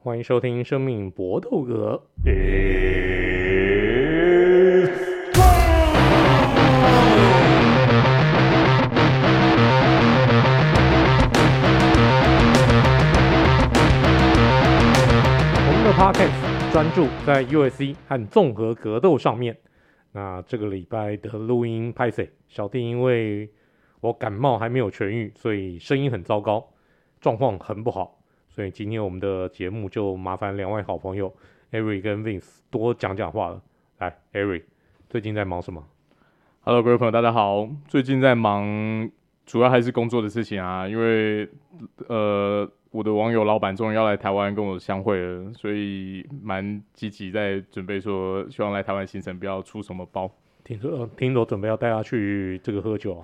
歡迎收聽《生命搏鬥格》It's...。我 們樂的 podcast 專注在 UFC 和綜合格鬥上面。那這個禮拜的錄音拍攝，小弟因為我感冒還沒有痊癒，所以聲音很糟糕，狀況很不好。所以今天我們的節目就麻煩兩位好朋友 Eric 跟 Vince 多講講話了。來，Eric 最近在忙什麼？Hello，各位朋友，大家好。最近在忙，主要還是工作的事情啊。因為呃，我的網友老闆終於要來台灣跟我相會了，所以蠻積極在準備，說希望來台灣行程不要出什麼包。聽說聽說準備要帶他去這個喝酒啊。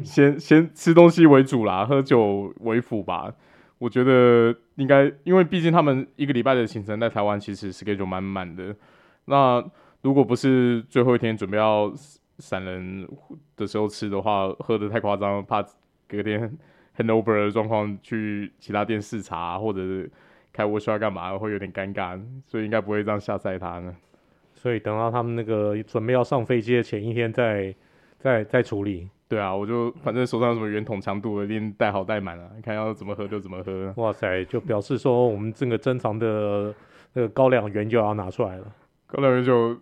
先先吃東西為主啦，喝酒為輔吧。我覺得應該，因為畢竟他們一個禮拜的行程在台灣其實是給就蠻滿的。那如果不是最後一天準備要閃人的時候吃的話，喝的太誇張，怕隔天 hand over 的狀況去其他店視察，啊，或者是開我需要幹嘛，會有點尷尬，所以應該不會這樣下塞他呢。所以等到他們那個準備要上飛機的前一天再，再再再處理。對啊，我就反正手上有什麼圓筒，長度一定帶好帶滿了，啊，你看要怎麼喝就怎麼喝。哇塞，就表示說我們這個珍藏的那個高粱原酒要拿出來了。高粱原酒，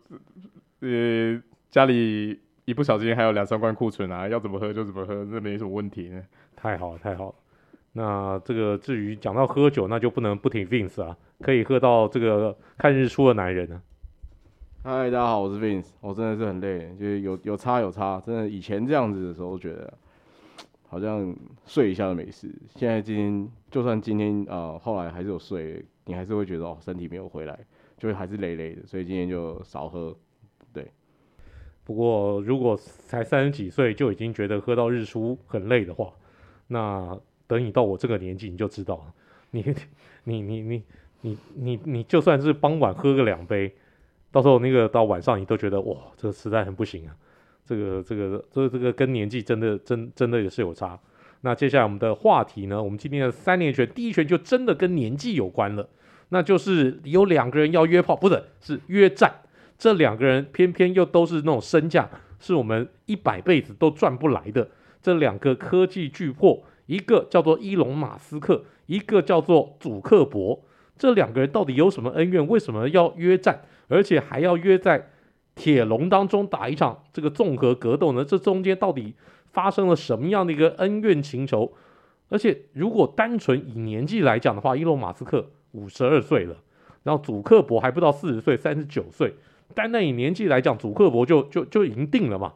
呃，家裡一不小心還有兩三罐庫存啊，要怎麼喝就怎麼喝，這沒什麼問題呢。太好了，太好了。那這個至於講到喝酒，那就不能不提 Vince 啊，可以喝到這個看日出的男人呢。嗨，大家好，我是 Vince，我、oh, 真的是很累，就是有有差有差，真的以前這樣子的時候覺得好像睡一下都沒事，現在今天就算今天呃，後來還是有睡，你還是會覺得哦身體沒有回來，就還是累累的，所以今天就少喝。對，不過如果才三十幾歲就已經覺得喝到日出很累的話，那等你到我這個年紀你就知道，你你你你你你你就算是傍晚喝個兩杯。到時候那個到晚上，你都覺得哇，這個實在很不行啊！這個這個這個這個跟年紀真的真的真的也是有差。那接下來我們的話題呢，我們今天的三連拳第一拳就真的跟年紀有關了。那就是有兩個人要約炮，不是，是約戰。這兩個人偏偏又都是那種身價是我們一百輩子都賺不來的。這兩個科技巨擘，一個叫做伊隆·馬斯克，一個叫做祖克柏。這兩個人到底有什麼恩怨？為什麼要約戰？而且還要約在鐵籠當中打一場這個綜合格鬥呢？這中間到底發生了什麼樣的一個恩怨情仇？而且如果單純以年紀來講的話，伊隆馬斯克五十二歲了，然後祖克伯還不到四十歲，三十九歲。單單以年紀來講，祖克伯就就就已經定了嘛？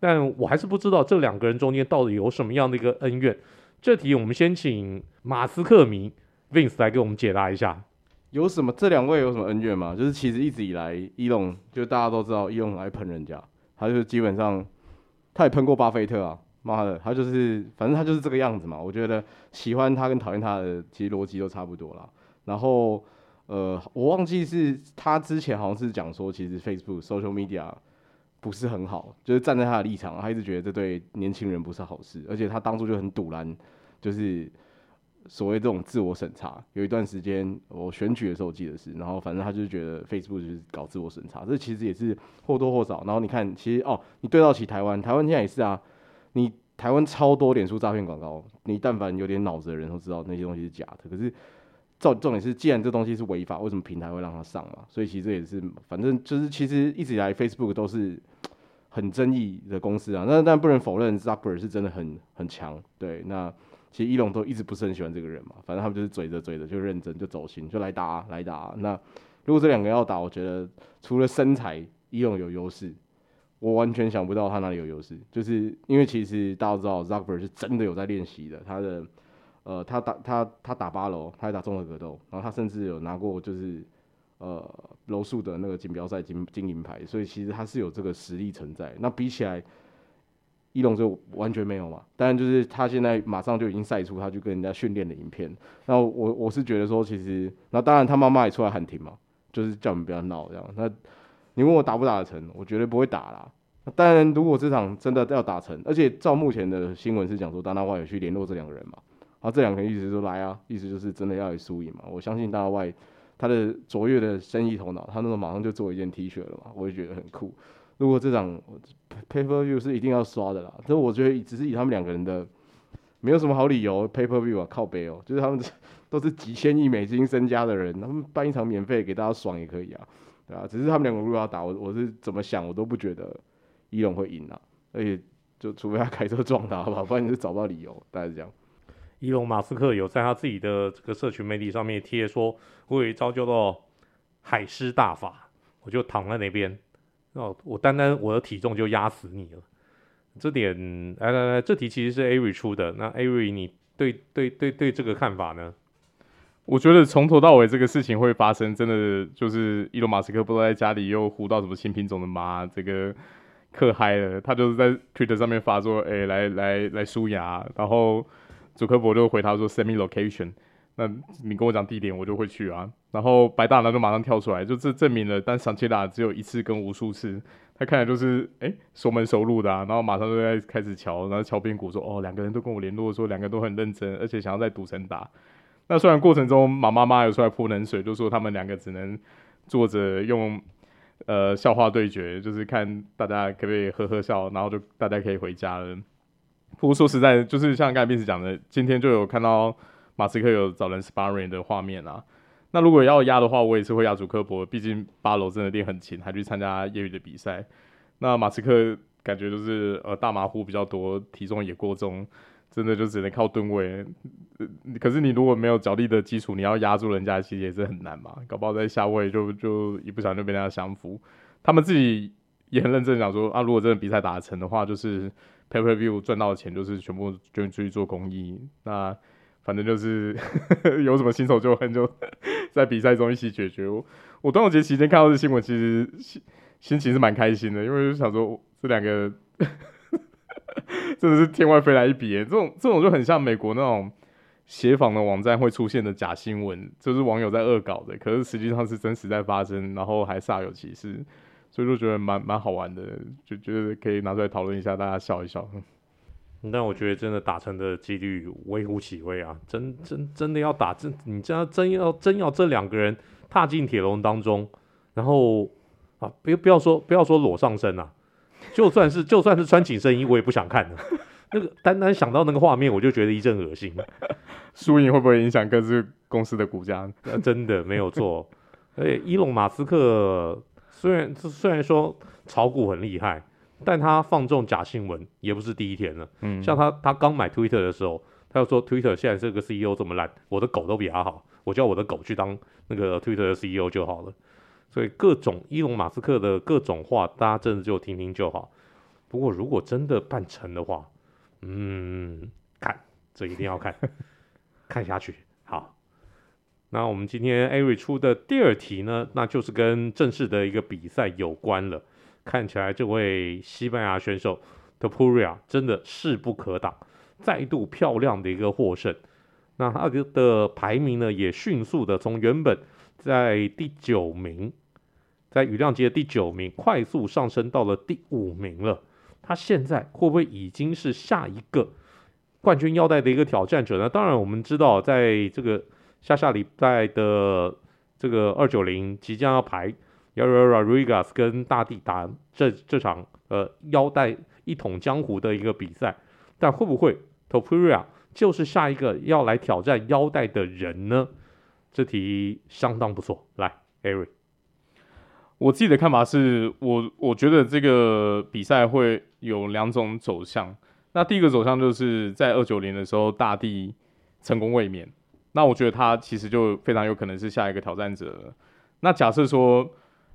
但我還是不知道這兩個人中間到底有什麼樣的一個恩怨。這題我們先請馬斯克迷 Vince 來給我們解答一下。有什麼？這兩位有什麼恩怨嗎？就是其實一直以來，伊隆就大家都知道，伊隆很愛噴人家，他就基本上他也噴過巴菲特啊，媽的，他就是反正他就是這個樣子嘛。我覺得喜歡他跟討厭他的其實邏輯都差不多啦。然後呃，我忘記是他之前好像是講說，其實 Facebook social media 不是很好，就是站在他的立場，他一直覺得這對年輕人不是好事，而且他當初就很阻攔，就是。所謂這種自我審查，有一段時間我選舉的時候我記得是，然後反正他就是覺得 Facebook 就是搞自我審查，這其實也是或多或少。然後你看，其實哦，你對到起台灣，台灣現在也是啊，你台灣超多臉書詐騙廣告，你但凡有點腦子的人都知道那些東西是假的。可是重重點是，既然這東西是違法，為什麼平台會讓它上嘛？所以其實也是，反正就是其實一直以來 Facebook 都是很爭議的公司啊。但但不能否認 Zucker 是真的很很強。對，那。其實 Elon 都一直不是很喜歡這個人嘛，反正他們就是嘴著嘴著就認真就走心就來打啊、來打啊。那如果這兩個要打，我覺得除了身材 Elon 有優勢，我完全想不到他哪裡有優勢。就是因為其實大家知道 Zuckerberg 是真的有在練習的，他的呃他打他他打八樓，他還打綜合格鬥，然後他甚至有拿過就是呃柔術的那個錦標賽金金銀牌，所以其實他是有這個實力存在。那比起來。伊隆就完全沒有嘛，當然就是他現在馬上就已經曬出他去跟人家訓練的影片，那我我是覺得說，其實那當然他媽媽也出來喊停嘛，就是叫人不要鬧這樣。那你問我打不打得成，我絕對不會打啦。當然如果這場真的要打成，而且照目前的新聞是講說，大外有去聯絡這兩個人嘛，然後這兩個人意思是說來啊，意思就是真的要有輸贏嘛。我相信大外他的卓越的生意頭腦，他那個馬上就做一件 T 恤了嘛，我也覺得很酷。如果這場 pay-per-view 是一定要刷的啦，但我覺得只是以他們兩個人的，沒有什麼好理由 pay-per-view 啊靠北哦、喔，就是他們都是,都是幾千億美金身家的人，他們辦一場免費給大家爽也可以啊，對啊只是他們兩個如果要打，我我是怎麼想，我都不覺得伊隆會贏啊，而且就除非他開車撞他好不好，不然就是找不到理由。大概是這樣，伊隆馬斯克有在他自己的這個社群媒體上面貼說，我有一招叫做海獅大法，我就躺在那邊。哦，我單單我的體重就壓死你了，這點來來來，這題其實是艾瑞出的。那艾瑞你對對對對，對這個看法呢？我覺得從頭到尾這個事情會發生，真的就是伊隆馬斯克不知道在家裡又呼到什麼新品種的馬，這個可嗨了。他就是在 Twitter 上面發說：“哎、欸，來來來，輸贏。”然後祖克柏就回他說 send me location。”那你跟我講地點，我就會去啊。然後白大拿就馬上跳出來，就這證明了。但想切打只有一次跟無數次，他看來就是哎熟門熟路的啊。然後馬上就在開始敲，然後敲邊鼓說：“哦，兩個人都跟我聯絡，說兩個人都很認真，而且想要在賭城打。”那雖然過程中馬媽,媽媽有出來潑冷水，就說他們兩個只能坐着用呃笑話對決，就是看大家可不可以呵呵笑，然後就大家可以回家了。不過說實在，就是像剛才平時講的，今天就有看到馬斯克有找人 sparring 的畫面啊。那如果要壓的話，我也是會壓祖克柏，畢竟巴柔真的練很勤，還去參加業餘的比賽。那馬斯克感覺就是呃大馬虎比較多，體重也過重，真的就只能靠噸位、呃。可是你如果沒有角力的基礎，你要壓住人家其實也是很難嘛，搞不好在下位就就，就一不小心就被人家降服。他們自己也很認真講說啊，如果真的比賽打成的話，就是 Pay Per View 賺到的錢就是全部捐出去做公益。那反正就是呵呵有什麼新仇舊恨就。 在比賽中一起解決我。我端午節期間看到這新聞，其實心心情是蠻開心的，因為就想說這兩個 真的是天外飛來一筆。這種這種就很像美國那種諧仿的網站會出現的假新聞，就是網友在惡搞的，可是實際上是真實在發生，然後還煞有其事，所以就覺得蠻蠻好玩的，就覺得可以拿出來討論一下，大家笑一笑。但我覺得真的打成的幾率微乎其微啊！真真真的要打，真你家真要真要真要這兩個人踏進鐵籠當中，然後啊，不不要說不要說裸上身啊。就算是就算是穿緊身衣，我也不想看的、啊。 那個單單想到那個畫面，我就覺得一陣噁心。輸 贏會不會影響各自公司的股價？那、 啊、真的沒有錯。而且伊隆馬斯克雖然雖然說炒股很厲害。但他放縱假新聞也不是第一天了。嗯，像他，他剛買 Twitter 的時候，他就說 Twitter 現在這個 CEO 這麼爛，我的狗都比他好，我叫我的狗去當那個 Twitter 的 CEO 就好了。所以各種伊隆馬斯克的各種話，大家真的就聽聽就好。不過如果真的辦成的話，嗯，看這一定要看 看下去。好，那我們今天艾瑞出的第二題呢，那就是跟正式的一個比賽有關了。看起來這位西班牙選手 Topuria 真的勢不可擋，再度漂亮的一個獲勝。那他的排名呢，也迅速的從原本在第九名，在羽量級的第九名，快速上升到了第五名了。他現在會不會已經是下一個冠軍腰帶的一個挑戰者呢？當然，我們知道在這個下下禮拜的這個二九零即將要排。Yarirarigas 跟大地打這這場呃腰帶一統江湖的一個比賽，但會不會 Topuria 就是下一個要來挑戰腰帶的人呢？這題相當不錯，來，Ari，我自己的看法是我我覺得這個比賽會有兩種走向。那第一個走向就是在二九零的時候，大地成功衛冕，那我覺得他其實就非常有可能是下一個挑戰者了。那假設說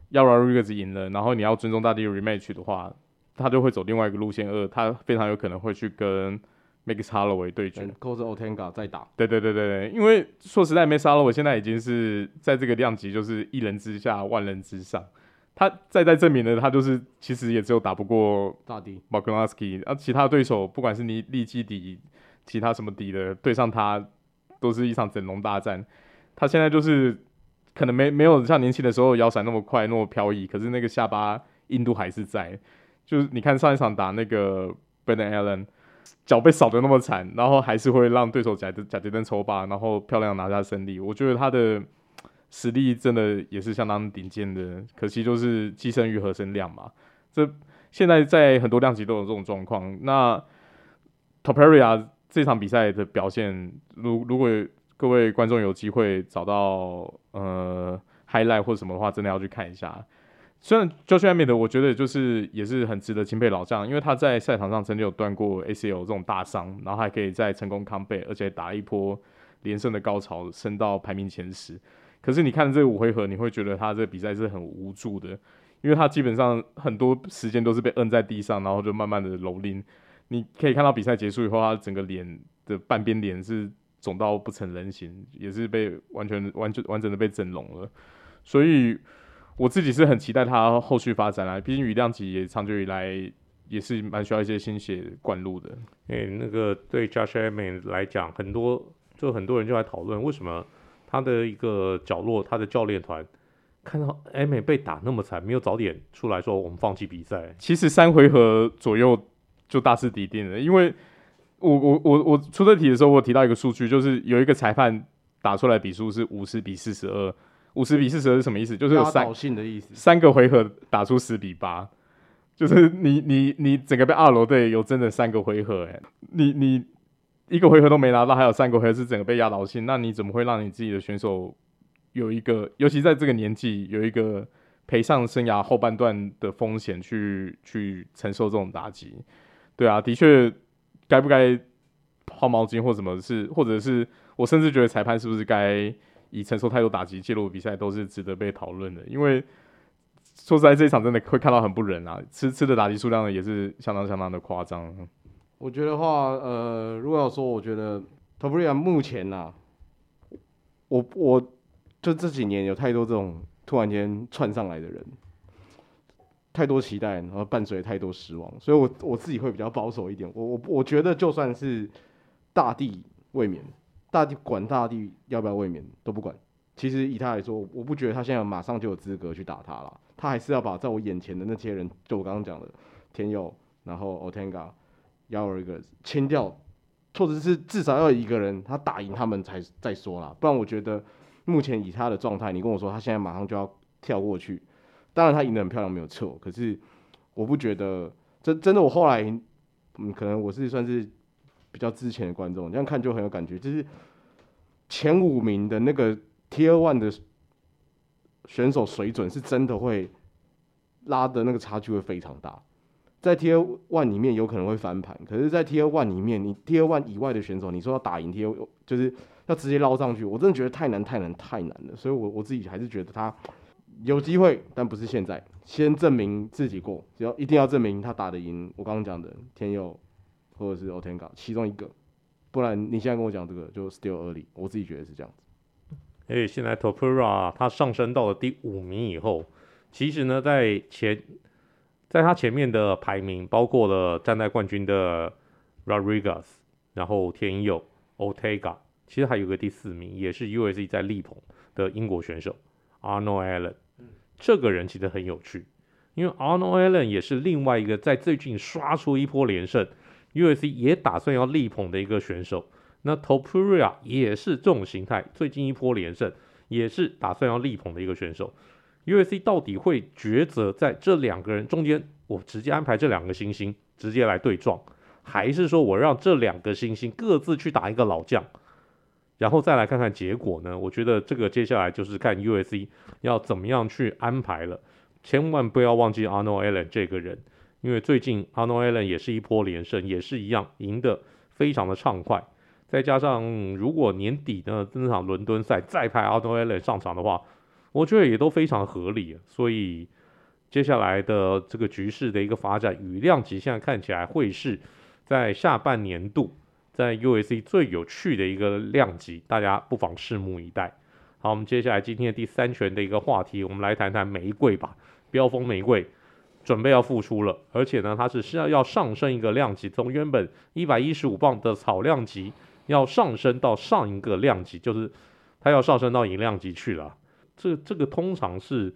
要讓 Riggs 贏了，然後你要尊重大帝的 Rematch 的話，他就會走另外一個路線二，他非常有可能會去跟 Max Holloway 對決，或者 Ortega 再打。對對對對對，因為說實在，Max Holloway 現在已經是在這個量級，就是一人之下，萬人之上。他再再證明的，他就是其實也只有打不過、Volkanovski, 大帝 Volkanovski 其他對手，不管是你利，利基底，其他什麼底的，對上他都是一場整容大戰。他現在就是。可能沒沒有像年輕的時候搖閃，那麼快那麼飄逸，可是那個下巴硬度還是在。就是你看上一場打那個 Brendan Allen，腳被掃得那麼慘，然後還是會讓對手賈賈杰登抽八，然後漂亮拿下勝利。我覺得他的實力真的也是相當頂尖的，可惜就是既生瑜何生亮嘛。這現在在很多量級都有這種狀況。那 Topuria 這場比賽的表現，如如果。各位觀眾有機會找到呃 highlight 或者什麼的話，真的要去看一下。雖然 Josh Emmett 的，我覺得就是也是很值得欽佩老將，因為他在賽場上曾經有斷過 ACL 這種大傷，然後還可以再成功康復，而且打一波連勝的高潮，升到排名前十。可是你看這五回合，你會覺得他這個比賽是很無助的，因為他基本上很多時間都是被摁在地上，然後就慢慢的蹂躪。你可以看到比賽結束以後，他整個臉的半邊臉是。腫到不成人形，也是被完全、完全、完整的被整容了。所以我自己是很期待他後續發展啊，畢竟羽量級也長久以來也是蠻需要一些新血灌入的。哎、欸，那個對 Josh Emmett 來講，很多就很多人就來討論，為什麼他的一個角落，他的教練團看到艾美被打那麼慘，沒有早點出來說我們放棄比賽？其實三回合左右就大勢已定了，因為，我我我我出這題的時候，我有提到一個數據，就是有一個裁判打出來比數是五十比四十二，五十比四十二是什麼意思？就是有三，壓倒性的意思。三個回合打出十比八，就是你你你，你整個被二樓隊有真的三個回合、欸，哎，你你一個回合都沒拿到，還有三個回合是整個被壓倒性。那你怎麼會讓你自己的選手有一個，尤其在這個年紀有一個賠上生涯後半段的風險去去承受這種打擊？對啊，的確。該不該拋毛巾或什麼事，或者是我甚至覺得裁判，是不是該已承受太多打擊介入比賽？都是值得被討論的。因為，說實在，這一場真的會看到很不忍啊！吃吃的打擊數量也是相當相當的誇張。我覺得話，呃，如果要說，我覺得 Topuria 目前啊。我我，就這幾年有太多這種突然間竄上來的人。太多期待，然後伴隨太多失望，所以我，我我自己會比較保守一點。我我我覺得，就算是大地衛冕，大地管大地要不要衛冕都不管。其實以他來說，我不覺得他現在馬上就有資格去打他了。他還是要把在我眼前的那些人，就我剛剛講的天佑，然後 Otenga 要有一個清掉，或者是至少要有一個人他打贏他們才再說啦。不然我覺得，目前以他的狀態，你跟我說他現在馬上就要跳過去。當然他贏得很漂亮，沒有錯。可是我不覺得，真真的，我後來嗯，可能我是算是比較之前的觀眾，這樣看就很有感覺。就是前五名的那個 T1 的選手水準是真的會拉的那個差距會非常大，在 T1 裡面有可能會翻盤，可是在 T1 裡面，你 T1 以外的選手，你說要打贏 T1，就是要直接撈上去，我真的覺得太難太難太難了。所以我，我我自己還是覺得他。有機會，但不是現在。先證明自己過，只要一定要證明他打得贏。我剛剛講的天佑，或者是 Ortega 其中一個，不然你現在跟我講這個就 still early。我自己覺得是這樣子。誒、欸，現在 Topuria 他上升到了第五名以後，其實呢，在前，在他前面的排名包括了站在冠軍的 Rodriguez，然後天佑 Ortega，其實還有個第四名，也是 UFC 在力捧的英國選手 Arnold Allen。這個人其實很有趣，因為 Arnold Allen 也是另外一個在最近刷出一波連勝，UFC 也打算要力捧的一個選手。那 Topuria 也是這種形態，最近一波連勝，也是打算要力捧的一個選手。UFC 到底會抉擇在這兩個人中間？我直接安排這兩個星星直接來對撞，還是說我讓這兩個星星各自去打一個老將？然後再來看看結果呢？我覺得這個接下來就是看 UFC 要怎麼樣去安排了，千萬不要忘記阿諾艾倫這個人，因為最近阿諾艾倫也是一波連勝，也是一樣贏得非常的暢快。再加上如果年底的那場倫敦賽再派阿諾艾倫上場的話，我覺得也都非常合理。所以接下來的這個局勢的一個發展，羽量級現在看起來會是在下半年度。在 UFC 最有趣的一個量級，大家不妨拭目以待。好，我們接下來今天的第三拳的一個話題，我們來談談玫瑰吧。飆風玫瑰準備要復出了，而且呢，它是是要要上升一個量級，從原本一百一十五磅的草量級，要上升到上一個量級，就是它要上升到蠅量級去了。這這個通常是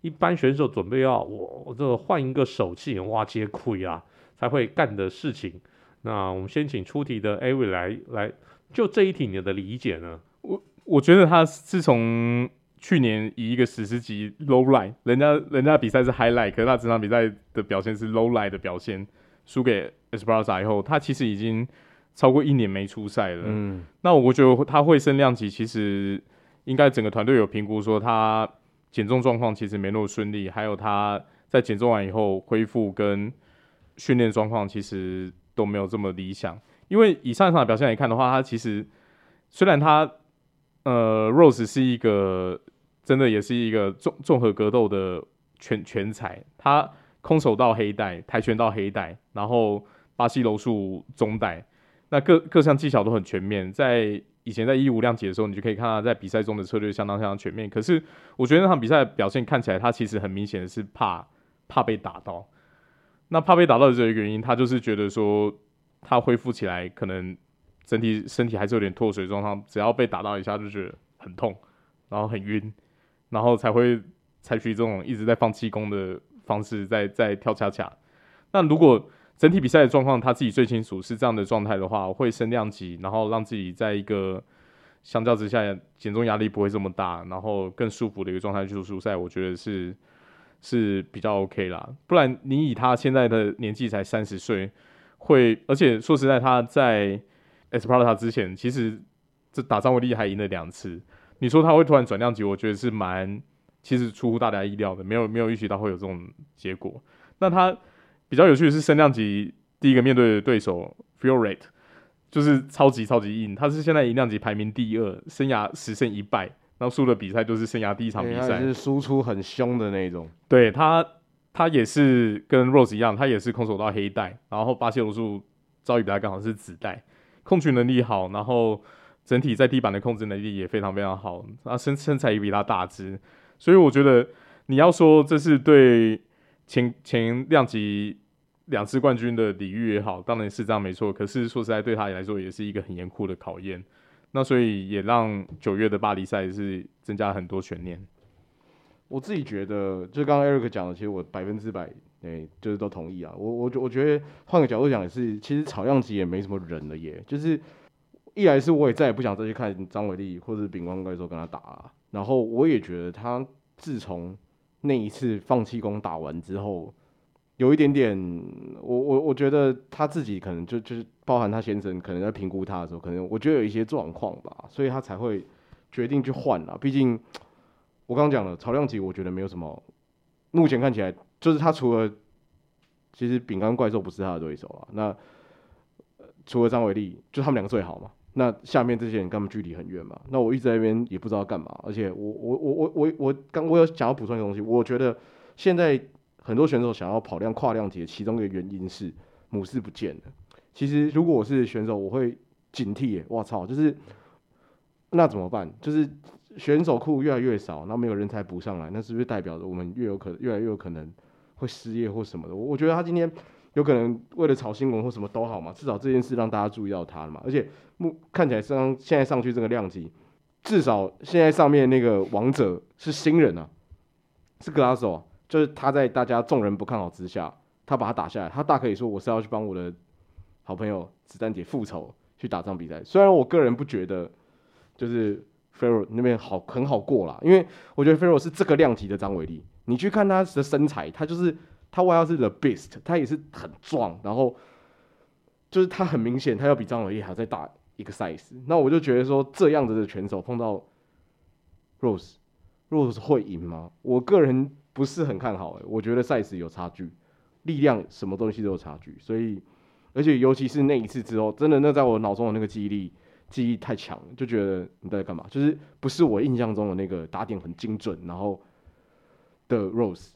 一般選手準備要我，我這個換一個手氣，哇，些虧啊，才會幹的事情。那我們先請出題的艾維來來，就這一題你的理解呢？我我覺得他自從去年以一個史詩級 low line，人家人家比賽是 high l i h e 可他這場比賽的表現是 low l i h e 的表現，輸給 e s p r e s s a 以後，他其實已經超過一年沒出賽了。嗯，那我覺得他會升量級，其實應該整個團隊有評估說他減重狀況其實沒那麼順利，還有他在減重完以後恢復跟訓練狀況其實。都沒有這麼理想，因為以上一場的表現來看的話，他其實雖然他呃 Rose 是一個真的也是一個綜綜合格鬥的全全才，他空手道黑帶、跆拳道黑帶、然後巴西柔術中帶，那各各項技巧都很全面。在以前在一五量級的時候，你就可以看他在比賽中的策略相當相當全面。可是我覺得那場比賽表現看起來，他其實很明顯的是怕怕被打到。那怕被打到的這個原因，他就是覺得說，他恢復起來可能整體身體還是有點脫水狀況，只要被打到一下就覺得很痛，然後很暈，然後才會採取這種一直在放氣功的方式，在在跳恰恰。那如果整體比賽的狀況他自己最清楚是這樣的狀態的話，會升量級，然後讓自己在一個相較之下減重壓力不會這麼大，然後更舒服的一個狀態去出賽，我覺得是。是比較 OK 啦，不然你以他現在的年紀才三十歲，會，而且說實在，他在 Esparza 之前，其實這打張偉麗還贏了兩次。你說他會突然轉量級，我覺得是蠻其實出乎大家意料的，沒有沒有預想到會有這種結果。那他比較有趣的是升量級第一個面對的對手 Fiorot，就是超級超級硬，他是現在蠅量級排名第二，生涯十勝一敗。輸的比賽就是生涯第一場比賽，是輸出很凶的那種。對他，他也是跟 Rose 一樣，他也是空手道黑帶。然後巴西柔術遭遇比他剛好是紫帶，控制能力好，然後整體在地板的控制能力也非常非常好。他身身材也比他大隻，所以我覺得你要說這是對前前量級兩次冠軍的禮遇也好，當然是這樣沒錯。可是說實在，對他來說也是一個很嚴酷的考驗。那所以也讓九月的巴黎賽是增加很多懸念。我自己覺得，就剛剛 Eric 講的，其實我百分之百，欸、就是都同意啊。我我我覺得換個角度講也是，其實草量級也沒什麼人了耶。就是一來是我也再也不想再去看張偉麗或者餅乾怪獸跟他打，啊，然後我也覺得他自從那一次放棄攻打完之後，有一點點，我我我覺得他自己可能就就是包含他先生可能在評估他的時候，可能我覺得有一些狀況吧，所以他才會決定去換了。畢竟我剛講了草量級，我覺得沒有什麼，目前看起來就是他除了其實餅乾怪獸不是他的對手啊。那、呃、除了張偉麗，就他們兩個最好嘛。那下面這些人根本距離很遠嘛。那我一直在那邊也不知道幹嘛。而且我我我我我我剛我有想要補充一個東西，我覺得現在。很多選手想要跑量跨量級，其中一個原因是母獅不見了。其實如果我是選手，我會警惕耶、欸！我操，就是那怎麼辦？就是選手庫越來越少，然後沒有人才補上來，那是不是代表着我們越有可越來越有可能會失業或什麼的？我覺得他今天有可能為了炒新聞或什麼都好嘛，至少這件事讓大家注意到他了嘛。而且目看起來上現在上去這個量級，至少現在上面那個王者是新人啊，是 Grasso、啊。就是他在大家眾人不看好之下，他把他打下來。他大可以說我是要去幫我的好朋友子彈姐復仇，去打這場比賽。雖然我個人不覺得，就是 Ferro 那邊好，很好過啦，因為我覺得 Ferro 是這個量級的張偉麗。你去看他的身材，他就是他外號是 The Beast，他也是很壯，然後就是他很明顯他要比張偉麗還要再大一個 size。那我就覺得說這樣子的選手碰到 Rose，Rose Rose 會贏嗎？我個人。不是很看好欸，我覺得 size 有差距，力量什麼東西都有差距，所以而且尤其是那一次之後，真的那在我腦中的那個記憶力、記憶太強了，就覺得你在幹嘛？就是不是我印象中的那個打點很精準，然後的 Rose，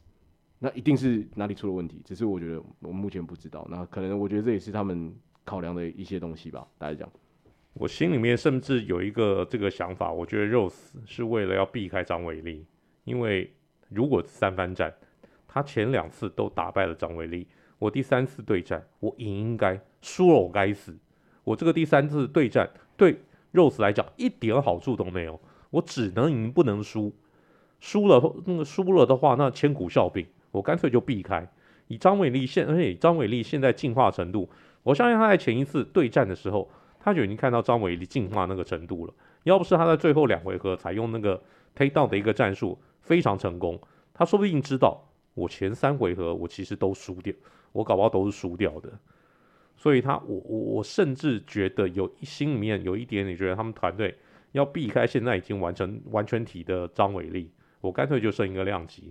那一定是哪裡出了問題。只是我覺得我目前不知道，那可能我覺得這也是他們考量的一些東西吧。大家講，我心裡面甚至有一個這個想法，我覺得 Rose 是為了要避開張偉麗，因為。如果三番戰，他前兩次都打敗了張偉麗，我第三次對戰，我贏應該輸了，我該死！我這個第三次對戰，對 Rose 來講一點好處都沒有，我只能贏不能輸，輸了那個輸了的話，那千古笑柄，我乾脆就避開。以張偉麗現，而且張偉麗現在進化程度，我相信他在前一次對戰的時候，他就已經看到張偉麗進化那個程度了。要不是他在最後兩回合採用那個 take down 的一個戰術。非常成功，他說不定知道我前三回合我其實都輸掉，我搞不好都是輸掉的，所以他我我我甚至覺得有一心裡面有一點點，你覺得他們團隊要避開現在已經完成完全體的張偉麗，我乾脆就升一個量級，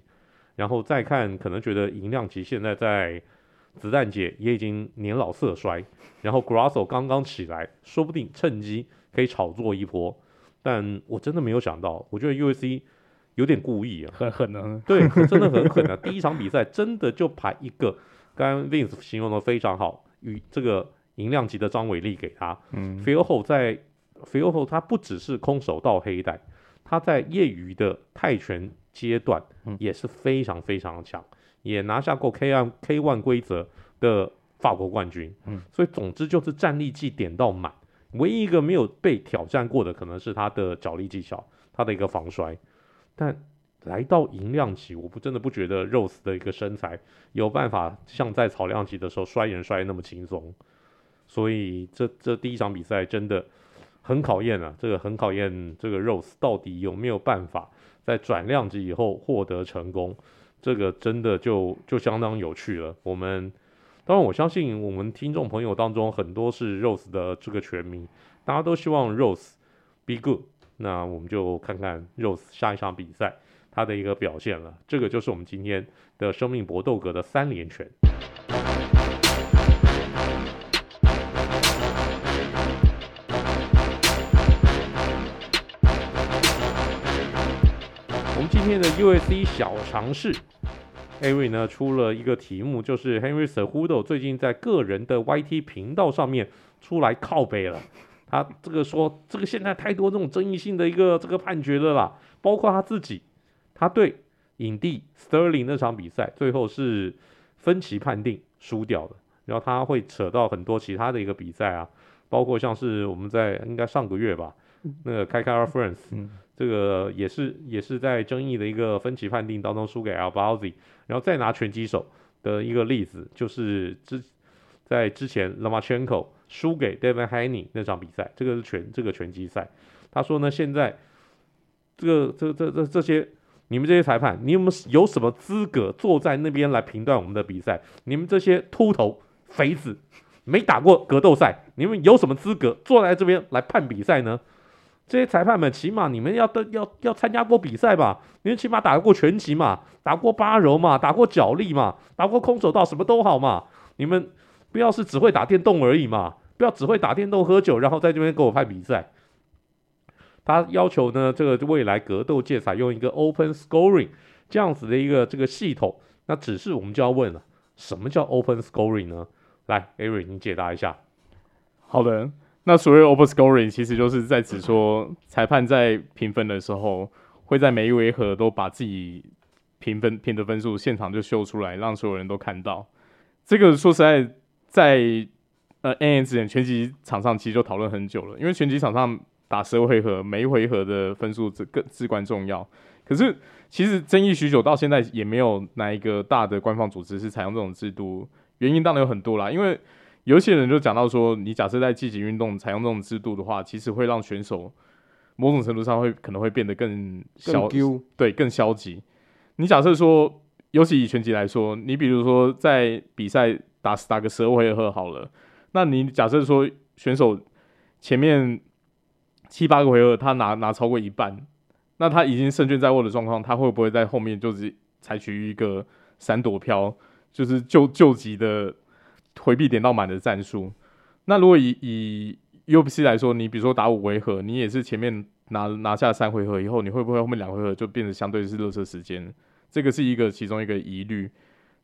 然後再看可能覺得蠅量級現在在子彈姐也已經年老色衰，然後 Grasso 剛剛起來，說不定趁機可以炒作一波，但我真的沒有想到，我覺得 UFC 有點故意啊，很可能對，真的很可能。 第一場比賽真的就排一個，剛剛 Vince 形容的非常好，與這個蠅量級的張偉麗給他。嗯，Firho 在 Firho，他不只是空手道黑帶，他在業餘的泰拳階段也是非常非常的強，嗯，也拿下過 K M K ONE 規則的法國冠軍。嗯，所以總之就是戰力技點到滿，唯一一個沒有被挑戰過的可能是他的角力技巧，他的一個防摔。但來到蠅量級，我不真的不覺得 Rose 的一個身材有辦法像在草量級的時候摔人摔那麼輕鬆，所以這這第一場比賽真的很考驗啊，這個很考驗這個 Rose 到底有沒有辦法在轉量級以後獲得成功，這個真的就就相當有趣了。我們當然我相信我們聽眾朋友當中很多是 Rose 的這個拳迷，大家都希望 Rose be good。那我們就看看 Rose 下一場比賽他的一個表現了。這個就是我們今天的生命搏鬥格的三連拳。我們今天的 UFC 小常識 Avery 呢，出了一個題目，就是 Henry Cejudo 最近在個人的 YT 頻道上面出來靠北了。他這個說，這個現在太多這種爭議性的一個這個判決的啦，包括他自己，他對影帝 Sterling 那場比賽最後是分歧判定輸掉的，然後他會扯到很多其他的一個比賽啊，包括像是我們在應該上個月吧，那個 Kai Kara-France 這個也是也是在爭議的一個分歧判定當中輸給 Albazi，然後再拿拳擊手的一個例子，就是之在之前 Lomachenko 輸給 David Haney 那場比賽，這個是拳這個拳擊賽。他說呢，現在這個、這、這、這這些，你們這些裁判，你們有什麼資格坐在那邊來評斷我們的比賽？你們這些禿頭肥子，沒打過格鬥賽，你們有什麼資格坐在這邊來判比賽呢？這些裁判們，起碼你們要要要參加過比賽吧？你們起碼打過拳擊嘛，打過巴柔嘛，打過角力嘛，打過空手道什麼都好嘛，你們。不要是只會打電動而已嘛！不要只會打電動、喝酒，然後在這邊跟我拍比賽。他要求呢，這個未來格鬥界採用一個 open scoring 這樣子的一個這個系統。那只是我們就要問了，什麼叫 open scoring 呢？來，艾瑞，你解答一下。好的，那所謂 open scoring 其實就是在指說，裁判在評分的時候，會在每一回合都把自己評分評的分數現場就秀出來，讓所有人都看到。這個說實在。在呃 MMA 之前，拳擊場上其實就討論很久了，因為拳擊場上打十回合，每一回合的分數這更至關重要。可是其實爭議許久，到現在也沒有哪一個大的官方組織是採用這種制度。原因當然有很多啦，因為有些人就講到說，你假設在積極運動採用這種制度的話，其實會讓選手某種程度上會可能會變得更消更對更消極。你假設說，尤其以拳擊來說，你比如說在比賽。打打個十二回合好了，那你假設說選手前面七八個回合他拿拿超過一半，那他已經勝券在握的狀況，他會不會在後面就是採取一個閃躲飄，就是救救急的迴避點到滿的戰術？那如果以以 UFC 來說，你比如說打五回合，你也是前面拿拿下三回合以後，你會不會後面兩回合就變得相對是垃圾時間？這個是一個其中一個疑慮。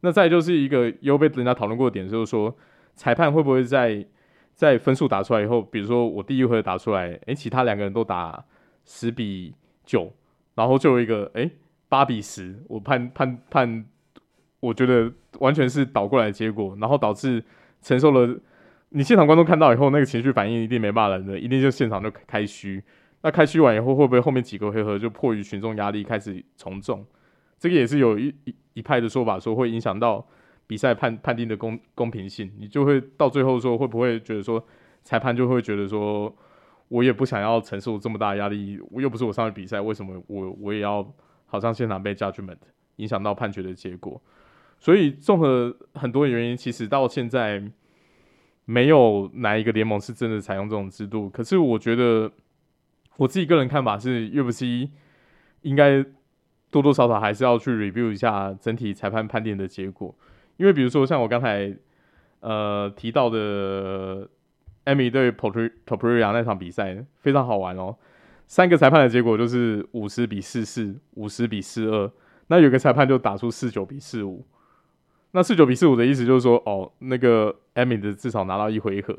那再就是一個又被人家討論過的點，就是說裁判會不會在在分數打出來以後，比如說我第一回合打出來，誒、欸，其他兩個人都打十比九，然後就有一個誒八、欸、比十，我判判判，我覺得完全是倒過來的結果，然後導致承受了，你現場觀眾看到以後，那個情緒反應一定沒罵人的，一定就現場就開虛，那開虛完以後會不會後面幾個回合就迫於群眾壓力開始從眾？這個也是有一一。一派的說法說，會影響到比賽判判定的公公平性，你就會到最後說會不會覺得說裁判就會覺得說，我也不想要承受這麼大壓力，我又不是我上去比賽，為什麼我我也要好像現場被 judgment 影響到判決的結果？所以綜合很多原因，其實到現在沒有哪一個聯盟是真的採用這種制度。可是我覺得我自己個人看法是，UFC 應該。多多少少還是要去 review 一下整體裁判判定的結果，因為比如說像我剛才呃提到的，艾米對 Topuria 那場比賽非常好玩哦，三個裁判的結果就是五十比四四、五十比四二，那有個裁判就打出四九比四五，那四九比四五的意思就是說，哦，那個艾米的至少拿到一回合，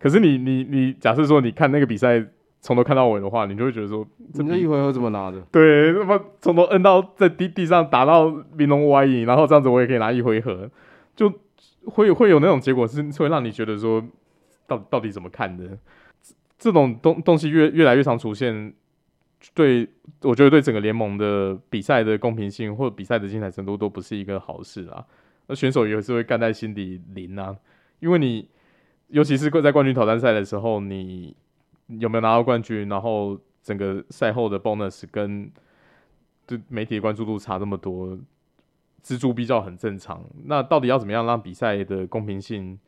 可是你你你假設說你看那個比賽。從頭看到尾的話，你就會覺得說，怎麼，一回合怎麼拿的？對，那麼從頭摁到在地地上打到鳴龍歪贏，然後這樣子我也可以拿一回合，就會會有那種結果是，是會讓你覺得說，到底到底怎麼看的？這種東東西越越來越常出現，對，我覺得對整個聯盟的比賽的公平性或者比賽的精彩程度都不是一個好事啊。那選手也是會幹在心底淋啊，因為你，尤其是會在冠軍挑戰賽的時候，你。有沒有拿到冠軍？然後整個賽後的 bonus 跟對媒體的關注度差這麼多，資助比較很正常。那到底要怎麼樣讓比賽的公平性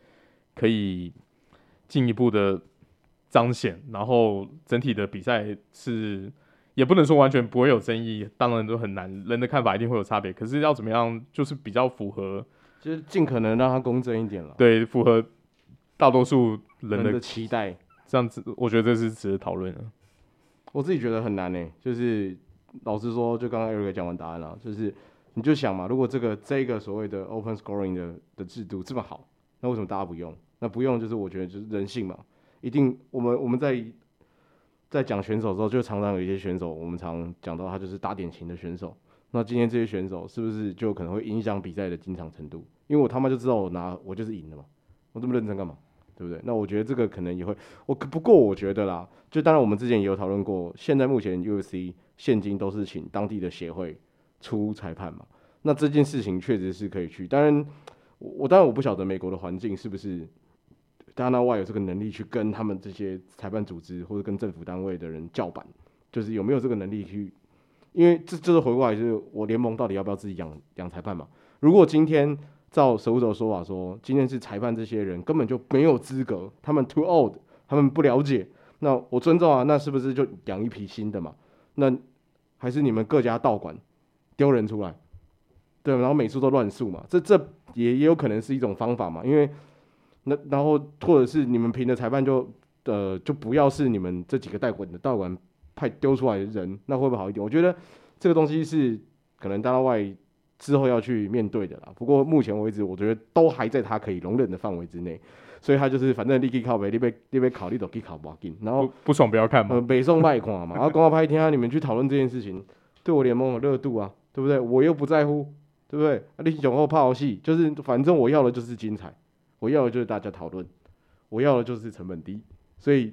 可以進一步的彰顯？然後整體的比賽是也不能說完全不會有爭議，當然都很難，人的看法一定會有差別。可是要怎麼樣，就是比較符合，就是盡可能讓它公正一點了。對，符合大多數人的，人的期待。這樣子，我覺得這是值得討論的。我自己覺得很難呢、欸，就是老實說，就剛剛 i 人講完答案了、啊，就是你就想嘛，如果這個這個所謂的 open scoring 的的制度這麼好，那為什麼大家不用？那不用就是我覺得就是人性嘛，一定我們我們在在講選手的時候，就常常有一些選手，我們常講到他就是打點勤的選手。那今天這些選手是不是就可能會影響比賽的進場程度？因為我他媽就知道我拿我就是贏了嘛，我這麼認真幹嘛？嗯對不對？那我覺得這個可能也會我不過我覺得啦，就當然我們之前也有討論過，現在目前 UFC 現今都是請當地的協會出裁判嘛。那這件事情確實是可以去，當然我當然我不曉得美國的環境是不是，他那外有這個能力去跟他們這些裁判組織或者跟政府單位的人叫板，就是有沒有這個能力去？因為這這是回過來，就是我聯盟到底要不要自己養養裁判嘛？如果今天。照守者的說法說，今天是裁判，這些人根本就沒有資格，他們 too old，他們不了解。那我尊重啊，那是不是就養一批新的嘛？那還是你們各家道館丟人出來，對，然後每次都亂數嘛，這這也也有可能是一種方法嘛。因為那然後或者是你們評的裁判就呃就不要是你們這幾個帶館的道館派丟出來的人，那會不會好一點？我覺得這個東西是可能大到外。之後要去面對的啦。不過目前為止，我覺得都還在他可以容忍的範圍之內，所以他就是反正立杯靠北，立杯立慮靠立杯靠北。然後不,不爽不要看,、呃、不不要看嘛，北宋賣款嘛。然後公告拍一天，你們去討論這件事情， 對我聯盟有熱度啊，對不對？我又不在乎，對不對？立杯講後拍好戲，就是反正我要的就是精彩，我要的就是大家討論，我要的就是成本低。所以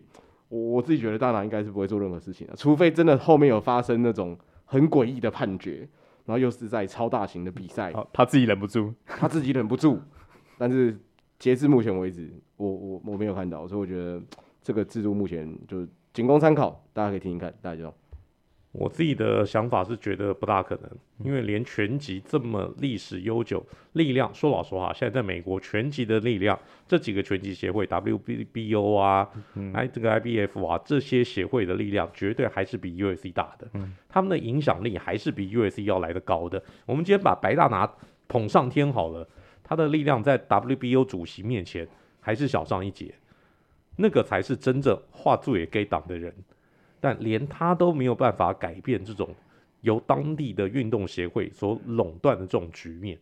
我，我我自己覺得大拿應該是不會做任何事情的、啊，除非真的後面有發生那種很詭異的判決。然後又是在超大型的比賽，哦，他自己忍不住，他自己忍不住。 但是截至目前為止，我我我沒有看到，所以我覺得這個制度目前就僅供參考，大家可以聽聽看，大家知道。我自己的想法是覺得不大可能，因為連拳擊這麼歷史悠久、力量說老實話，現在在美國拳擊的力量，這幾個拳擊協會 W B O 啊，還有、嗯、這個 I B F 啊，這些協會的力量絕對還是比 U F C 大的、嗯，他們的影響力還是比 U F C 要來得高的。我們今天把白大拿捧上天好了，他的力量在 W B O 主席面前還是小上一截，那個才是真正話事嘅黨的人。但連他都沒有辦法改變這種由當地的運動協會所壟斷的這種局面。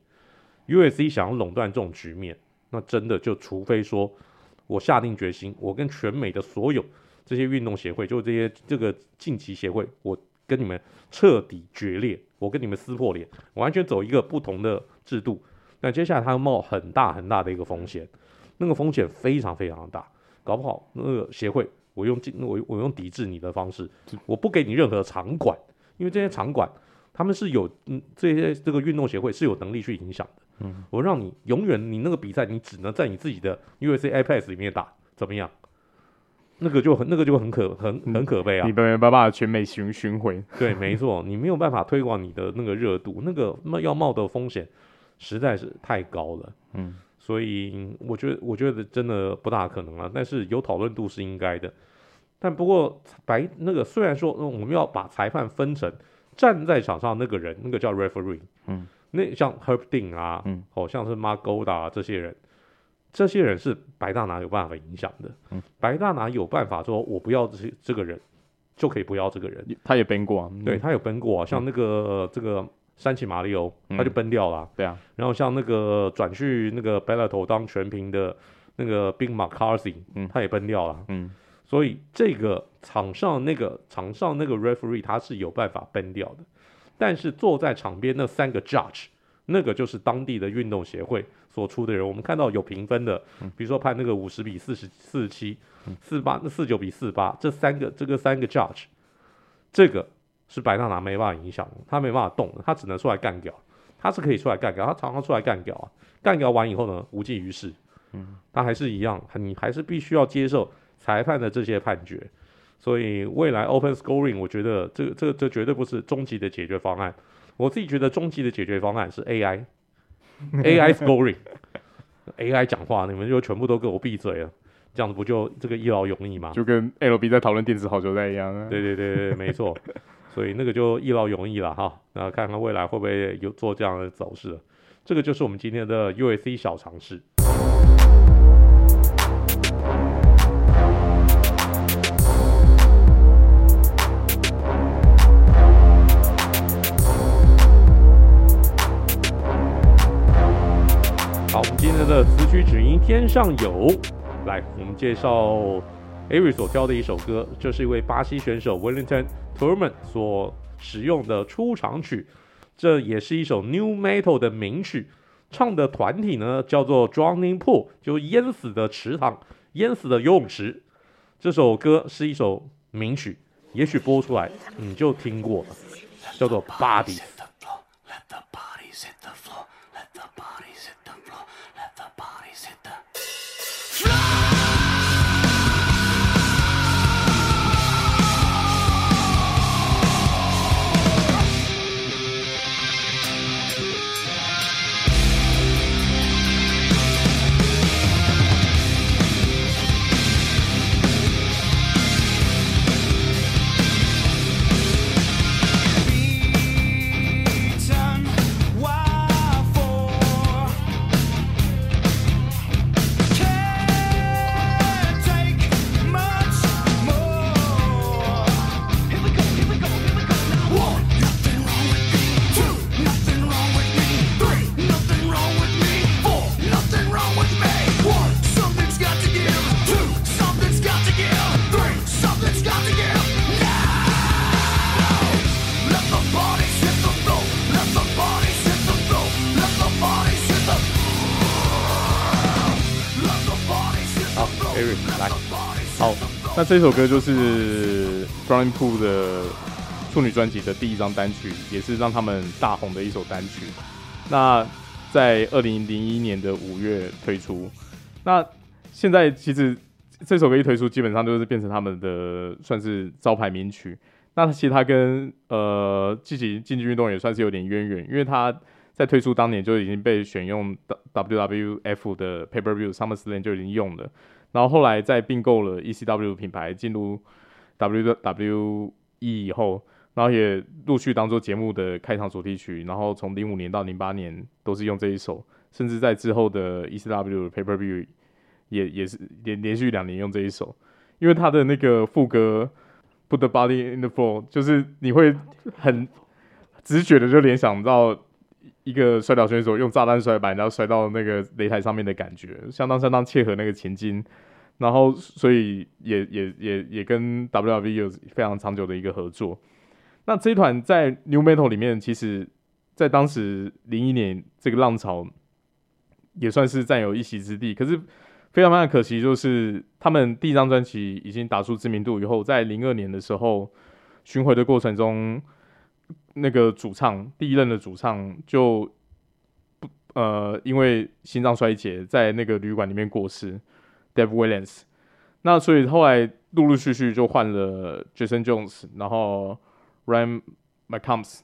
USC 想要壟斷這種局面，那真的就除非說，我下定決心，我跟全美的所有這些運動協會，就這些這個晉級協會，我跟你們徹底決裂，我跟你們撕破臉，完全走一個不同的制度。那接下來他冒很大很大的一個風險，那個風險非常非常大，搞不好那個協會。我用我我用抵制你的方式，我不給你任何場館，因為這些場館他們是有、嗯、這些這個運動協會是有能力去影響的，嗯，我讓你永遠你那個比賽你只能在你自己的 USA IPS 裡面打，怎麼樣？那個就很那個就很可很、嗯、很可悲啊！你沒辦法全美巡巡迴，對，沒錯，你沒有辦法推廣你的那個熱度， 那個要冒的風險實在是太高了，嗯。所以我覺得，我覺得真的不大可能了、啊。但是有討論度是應該的。但不過，白那個雖然說我們要把裁判分成站在場上那個人，那個叫 referee，嗯，那像 Herb Dean 啊，好、嗯哦、像是 Marc Goddard l、啊、這些人，這些人是白大拿有辦法影響的。嗯，白大拿有辦法說，我不要這這個人，就可以不要這個人。也他也編過、啊，對他有編過、啊嗯，像那個、嗯、這個。山崎馬里奧，他就崩掉了、嗯。對啊，然後像那個轉去那個 Bellator 當球評的那個 Big McCarthy，y 他也崩掉了，嗯。嗯，所以這個場上那個場上那個 referee 他是有辦法崩掉的，但是坐在場邊那三個 judge，那個就是當地的運動協會所出的人，我們看到有評分的，比如說判那個五十比四十四七四八四九比四八，這三個這個三個 judge，這個。是白大拿沒辦法影響，他沒辦法動，他只能出來幹譙。他是可以出來幹譙，他常常出來幹譙啊。幹譙完以後呢，無濟於事。嗯，他還是一樣，你還是必須要接受裁判的這些判決。所以未來 Open Scoring，我覺得這、這、這，這絕對不是終極的解決方案。我自己覺得終極的解決方案是 AI，AI Scoring，AI 講話，你們就全部都給我閉嘴了，這樣子不就這個一勞永逸嗎？就跟 LB 在討論電子好球帶一樣啊。對對對對，沒錯。 所以那個就一勞永逸了哈，那看看未來會不會有做這樣的走勢。這個就是我們今天的 UFC 小常識。好，我們今天的此曲只應天上有，來我們介紹。Avery 所挑的一首歌，這、就是一位巴西選手 Wellington Turman 所使用的出場曲。這也是一首 Nu-Metal 的名曲，唱的團體呢叫做 Drowning Pool，就是、淹死的池塘，淹死的游泳池。這首歌是一首名曲，也許播出來你就聽過了，叫做、Bodies《p o r t y 這首歌就是《Drowning Pool》的處女專輯的第一張單曲，也是讓他們大紅的一首單曲。那在二零零一年的五月推出。那現在其實這首歌一推出，基本上就是變成他們的算是招牌名曲。那其實它跟呃積極競技運動也算是有點淵源，因為它在推出當年就已經被選用 W W F 的 Pay-Per-View SummerSlam 就已經用了。然後後來在併購了 ECW 品牌進入 WWE 以後，然後也陸續當做節目的開場主題曲。然後從零五年到零八年都是用這一首，甚至在之後的 ECW Pay-Per-View 也也是連連續兩年用這一首，因為他的那個副歌 Put the body in the floor，就是你會很直覺的就聯想到一個摔角選手用炸彈摔板，然後摔到那個擂台上面的感覺，相當相當切合那個情境。然後，所以也也也也跟 WWE 有非常長久的一個合作。那這一團在 Nu-Metal 裡面，其實，在當時零一年這個浪潮也算是佔有一席之地。可是，非常非常的可惜，就是他們第一張專輯已經打出知名度以後，在零二年的時候，巡回的過程中，那個主唱第一任的主唱就不，呃，因為心臟衰竭，在那個旅館裡面過世。Dave Williams，那所以後來陸陸續續就換了 Jason Jones，然後 Ryan McCombs，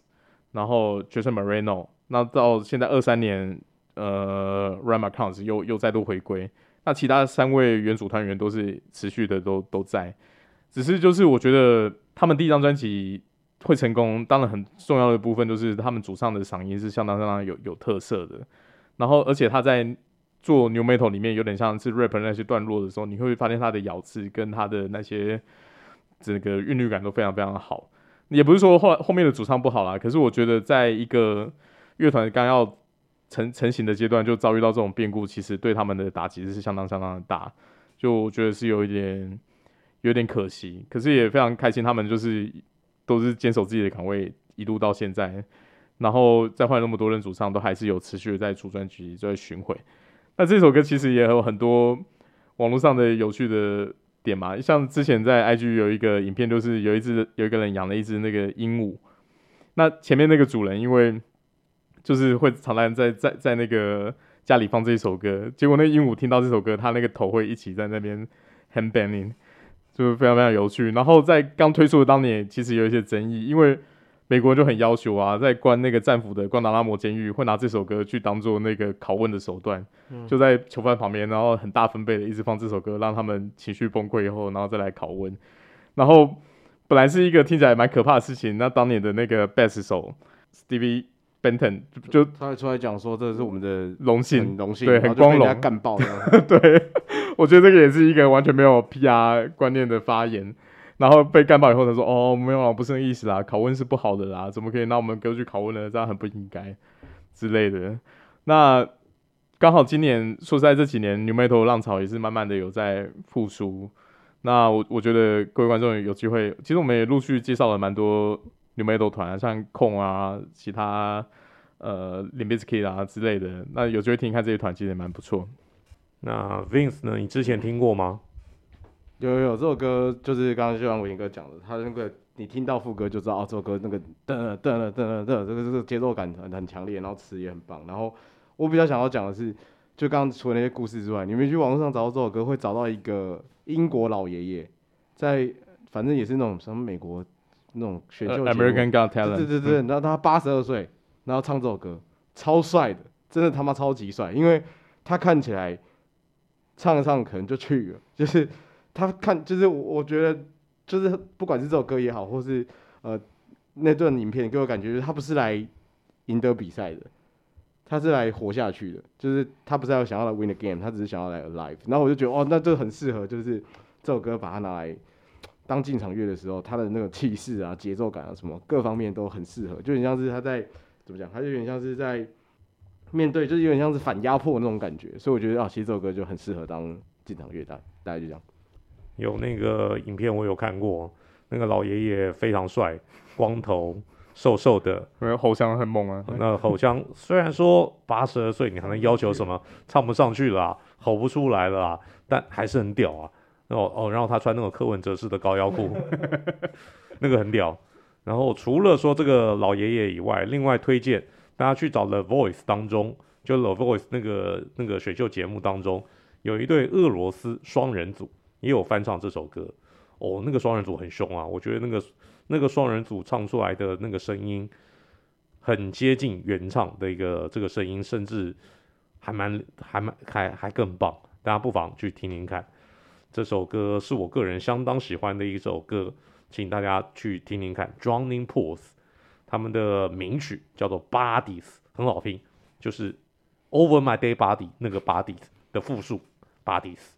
然後 Jason Moreno，那到現在二三年，呃，Ryan McCombs 又又再度回歸，那其他三位原組團員都是持續的都都在，只是就是我覺得他們第一張專輯會成功，當然很重要的部分就是他們主唱的嗓音是相當相當有有特色的，然後而且他在。做《Nu-Metal》裡面有點像是 Rap 那些段落的時候，你會發現他的咬字跟他的那些整個韻律感都非常非常的好。也不是說後後面的主唱不好啦，可是我覺得在一個樂團剛要成成型的階段就遭遇到這種變故，其實對他們的打擊是相當相當的大，就我覺得是有一點有點可惜。可是也非常開心，他們就是都是堅守自己的崗位，一路到現在，然後再換那麼多任主唱，都還是有持續的在出專輯，在巡回。那這首歌其實也有很多網絡上的有趣的點嘛，像之前在 IG 有一個影片，就是有一只有一個人養了一只那個鸚鵡，那前面那個主人因為就是會常常在在在那個家裡放這首歌，結果那鸚鵡聽到這首歌，它那個頭會一起在那邊 headbanging，就非常非常有趣。然後在剛推出的當年，其實有一些爭議，因為。美國就很要求啊，在關那個戰俘的關達拉摩監獄，會拿這首歌去當做那個拷問的手段。嗯，就在囚犯旁邊，然後很大分貝的一直放這首歌，讓他們情緒崩潰以後，然後再來拷問。然後本來是一個聽起來蠻可怕的事情，那當年的那個 bass 手 Stevie Benton 就他出來講說，這是我們的榮幸，榮幸，對，很光榮。幹爆！對，我覺得這個也是一個完全沒有 PR 觀念的發言。然後被幹爆以後，他說：“哦，沒有、啊，不是那意思啦，拷問是不好的啦，怎麼可以讓我們歌曲拷問呢？這樣很不應該之類的。”那剛好今年，說實在，這幾年 Nu-Metal 浪潮也是慢慢的有在復甦。那我我覺得各位觀眾有機會，其實我們也陸續介紹了蠻多 Nu-Metal 團、啊，像 Korn 啊、其他呃 Limp Bizkit 啊之類的。那有機會聽看這些團，其實也蠻不錯。那 Vince 呢？你之前聽過嗎？有有有，這首歌就是剛剛像吳英哥講的，他那個你聽到副歌就知道哦，這首歌那個噔噔噔噔，這個這個節奏感很很強烈，然後詞也很棒。然後我比較想要講的是，就剛剛除了那些故事之外，你們去網絡上找到這首歌，會找到一個英國老爺爺，在反正也是那種什麼美國那種選秀、uh，American Got Talent 對對對，對，對，然後他八十二歲，然後唱這首歌，超帥的，真的他媽超級帥，因為他看起來唱一唱可能就去了，就是。他看就是我，我覺得就是不管是這首歌也好，或是呃那段影片，給我感覺就是他不是來贏得比賽的，他是來活下去的。就是他不是要想要來 win the game，他只是想要來 alive。然後我就覺得哦，那這個很適合，就是這首歌把它拿來當進場樂的時候，他的那個氣勢啊、節奏感啊什麼各方面都很適合，就很像是他在怎麼講，他就有點像是在面對，就是有點像是反壓迫那種感覺。所以我覺得啊，其實這首歌就很適合當進場樂，大大概就這樣。有那個影片我有看過，那個老爺爺非常帥，光頭，瘦瘦的，有沒有，吼腔很猛啊。那吼腔 雖然說八十二歲，你還能要求什麼？唱不上去了啊，吼不出來了啊，但還是很屌啊。哦哦，然後他穿那種柯文哲式的高腰褲， 那個很屌。然後除了說這個老爺爺以外，另外推薦大家去找《The Voice》當中，就《The Voice》那個那個選秀節目當中，有一對俄羅斯雙人組。也有翻唱這首歌哦，那個雙人組很凶啊！我覺得那個那個雙人組唱出來的那個聲音，很接近原唱的一個這個聲音，甚至還蠻還蠻還還更棒。大家不妨去聽聽看，這首歌是我個人相當喜歡的一首歌，請大家去聽聽看。Drowning Pools 他們的名曲叫做 Bodies，很好聽，就是 Over My Dead Body 那個 Bodies 的複數 Bodies。